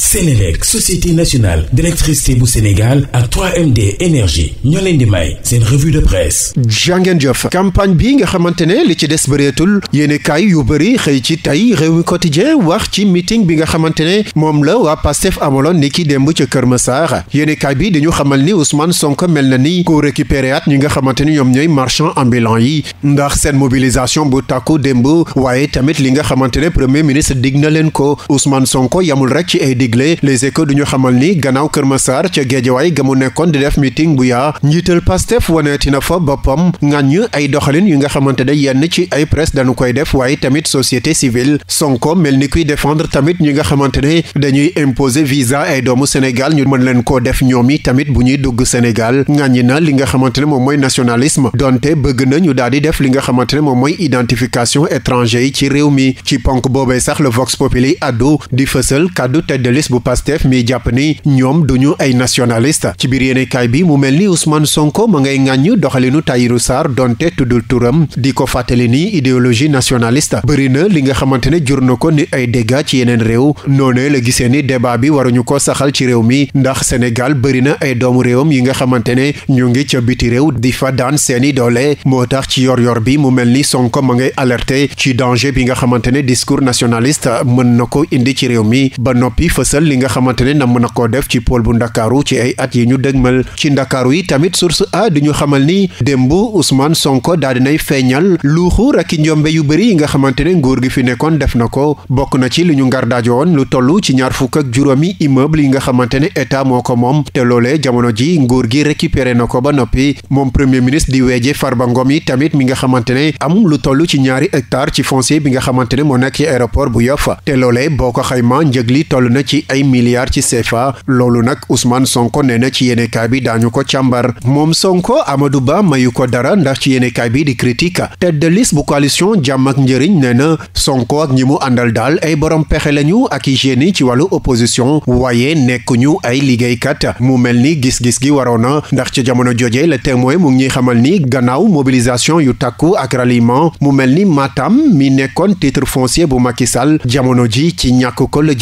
Sénélec société nationale d'électricité bu Sénégal ak 3MD énergie ñoo leen di may seen revue de presse. jàngeen jëf campagne bi nga xamante ne li ci des bëreetul yéene kaay yu bëri xëy ci tey réew mi quotidien wax ci meeting bi nga xamante ne moom la waa Pastef amaloon ni ki demb ca Kër ma yéene kaay bi dañu xamal ni Ousmane Sonko mel na ni ku récupéré at ñi nga xamante ni ñoom ñooy marchand ambulant yi ndax seen mobilisation bu takku demb waaye tamit li nga xamante ne premier ministre dig na leen ko Ousmane Sonko yamul digle les échos du ñu xamal ni gannaaw Kër Massar ca Géejawaay ga nekkoon di def meeting bu yaa njiital Pastef waneeti na fa boppam ŋàññ ay doxalin yu nga xamante ne yenn ci ay presse dañu koy def waaye tamit société civile Sonko mel ni kuy défendre tamit ñi nga xamante ne dañuy imposer visa ay doomu Sénégal ñu mën leen koo def ñoom yi tamit bu ñuy dugg Sénégal ŋàññi na li nga xamante ne moom mooy nationalisme donte bëgg na ñu daal di def li nga xamante ne moom mooy identification étranger yi réew mi ci ponk boobee sax le Vox Populi addu di fësal kàddu nationaliste bu Pastef mi jàpp ni ñoom duñu ay nationaliste ci biir yéenekaay bi mu mel ni Ousmane Sonko ma ngay ŋàññ doxalinu Tahirou Sarr donte tuddul turam di ko fàttali ni idéologie nationaliste bëri na li nga xamante ne jur na ko ni ay dégâts ci yeneen réew noonee la gisee ni débat bi waruñu ko saxal ci réew mi ndax Sénégal bëri na ay doomu réewam yi nga xamante ne ñu ngi ca biti réew di fa daan seeni doole moo tax ci yor-yor bi mu mel ni Sonko ma ngay alerter ci danger bi nga xamante ne discours mi fësal li nga xamante ne namm na koo def ci pôle bu ndakaaru ci ay at yi ñu dëgmal ci ndakaaru yi tamit source a di ñu xamal ni démb Ousmane Sonko daal nay feeñal luuxu ak i njombe yu bëri yi nga xamante ne nguur gi fi nekkoon def na ko bokk na ci li ñu ngar daajo woon lu tollu ci ñaar fukk ak juróomi immeuble yi nga xamante ne état moo ko moom te loole jamono ji nguur gi récupéré na ko ba noppi moom premier ministre di weeje ba Ngom yi tamit mi nga xamante ne am lu toll ci ñaari hectare ci foncier bi nga xamante ne moo nekk ci bu Yoff ci ay milliards ci CFA loolu nag Ousmane Sonko nee na ci yéenekaay bi daañu ko càmbar moom Sonko Amadou Ba mayu ko dara ndax ci yéenekaay bi di critique te de bu coalition jàmm ak njëriñ nee na Sonko ak ñi mu àndal daal ay borom pexe lañu ak i génie ci wàllu opposition waaye nekkuñu ay liggéeykat mu mel ni gis-gis gi waroon na ndax ci jamono jooje le témoin mu ngi ñuy xamal ni gannaaw mobilisation yu takku ak ralliement mu mel ni Matam mi nekkoon titre foncier bu Macky Sall jamono ji ci ñàkk ko la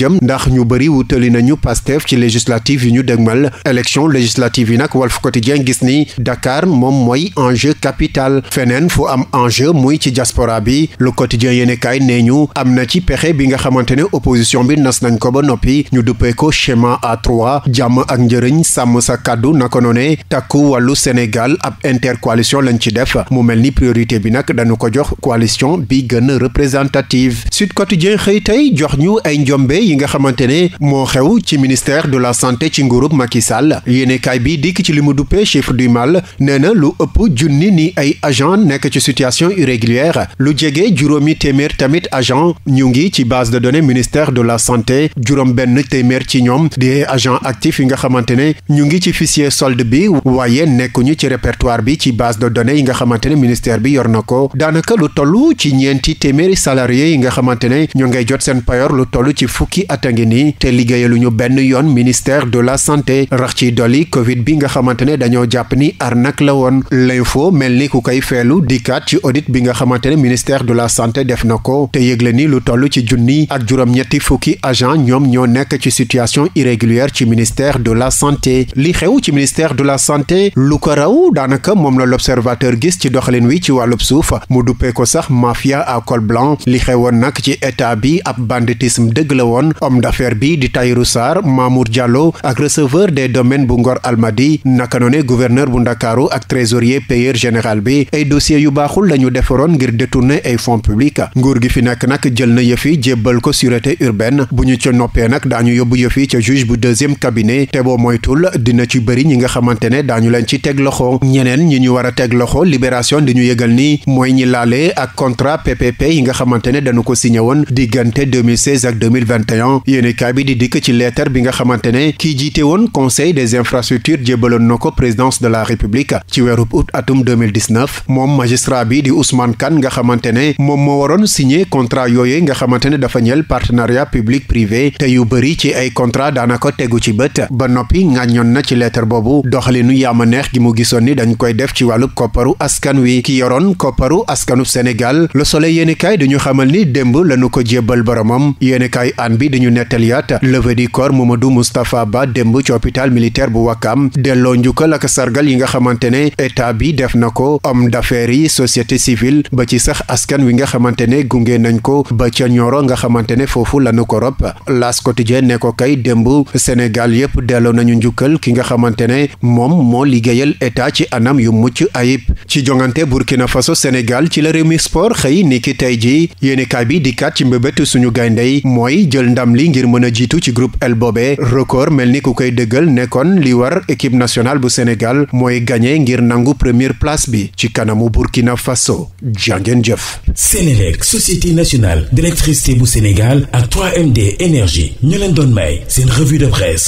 bëri wutali nañu Pastef ci législative yi ñu dégmal élection législative yi nag Walf Quotidien gis ni Dakar moom mooy enjeu capital feneen fu am enjeu muy ci jaspora bi le quotidien yéene kaay nee ñu am na ci pexe bi nga xamante ne opposition bi nas nañ ko ba noppi ñu duppee ko schéma A3 jàmm ak njëriñ sàmm sa kàddu naka noone takku wallu Sénégal ab intercoalition lañ ci def mu mel ni priorité bi nag dañu ko jox coalition bi gën a moo xew ci ministère de la santé ci nguurub Macky Sall yéenekaay bi dikk ci li mu duppee chiffre du mal nee na lu ëpp junni ni ay agent nekk ci situation irrégulière lu jege juróomi téeméer tamit agent ñu ngi ci base de données ministère de la santé juróom benn téeméer ci ñoom di agent actif yi nga xamante ne ñu ngi ci fichier solde bi waaye nekkuñu ci répertoire bi ci base de données yi nga xamante ne ministère bi yor na ko daanaka lu toll ci ñeenti téeméeri salarié yi nga xamante ne ñoo ngay jot seen payoor lu toll ci fukki te liggéeyalu ñu benn yoon ministère de la santé rax ci dolli covid bi nga xamante ne dañoo jàpp ni arnaque la woon l'info mel ni ku koy feelu dikkaat ci audit bi nga xamante ne ministère de la santé def na ko te yëgle ni lu toll ci junni ak juróom-ñetti fukki agent ñoom ñoo nekk ci situation irrégulière ci ministère de la santé li xew ci ministère de la santé lu ko raw daanaka moom la l'observateur gis ci doxalin wi ci wàllub suufa mu duppee ko sax mafia à col blanc li xewoon nag ci état bi ab banditisme dëgg woon homme d'affaires bi bi di Tahirou Sarr Mamour Diallo ak receveur des domaines bu Ngor Almadi naka noone gouverneur bu Ndakaaru ak trésorier payeur général bi ay dossier yu baaxul lañu defaroon ngir détourner ay fonds publics nguur gi fi nekk nag jël na yëf yi jébbal ko sûreté urbaine bu ñu ca noppee nag daañu yóbbu yëf yi ca juge bu deuxième cabinet te boo moytul dina ci bëri ñi nga xamante ne ñu leen ci teg loxo ñeneen ñi ñu war a teg loxo libération di ñu yëgal ni mooy ñi laale ak contrat PPP yi nga xamante ne dañu ko signé woon diggante 2016 ak 2021 bi di dikk ci leetar bi nga xamante ne kii jiite woon conseil des infrastructures jébbaloon na ko présidence de la république ci weerub août atum 2019 moom magistrat bi di Ousmane Kane nga xamante ne moom moo waroon signé contrat yooye nga xamante ne dafa ñeel partenariat public privé te yu bëri ci ay contrat daanaka tegu ci bët ba noppi ŋàññoon na ci leetar boobu doxalinu yaama neex gi mu gisoon ni dañ koy def ci wàllub kopparu askan wi ki yoroon kopparu askanub Sénégal Le Soleil yéenekaay dañu xamal ni démb lañu ko jébbal boromam yéenekaay an bi dañu at levée du corps Mamadou Moustapha Ba démb ci hôpital militaire bu Wakam delloo njukkal ak sargal yi nga xamante ne état bi def na ko homme d'affaires yi société civile ba ci sax askan wi nga xamante ne gunge nañ ko ba ca Nioro nga xamante ne foofu lanu ko rob L'As Quotidien ne ko kay démb Sénégal yépp delloo nañu njukkal ki nga xamante ne moom moo liggéeyal état ci anam yu mucc ayib ci jongante Burkina Faso Sénégal ci la Rewmi xëy nikk tey ji yéenekaay bi di kat ci suñu gaynde yi mooy jël ndam li a jiitu ci groupe el boobee record mel ni ku koy dëggal nekkoon li war équipe nationale bu Sénégal mooy gagné ngir nangu première place bi ci kanamu Burkina Faso jàngeen jëf. Sénélec société nationale d'électricité bu Sénégal ak 3MD énergie ñu leen doon may seen revue de presse.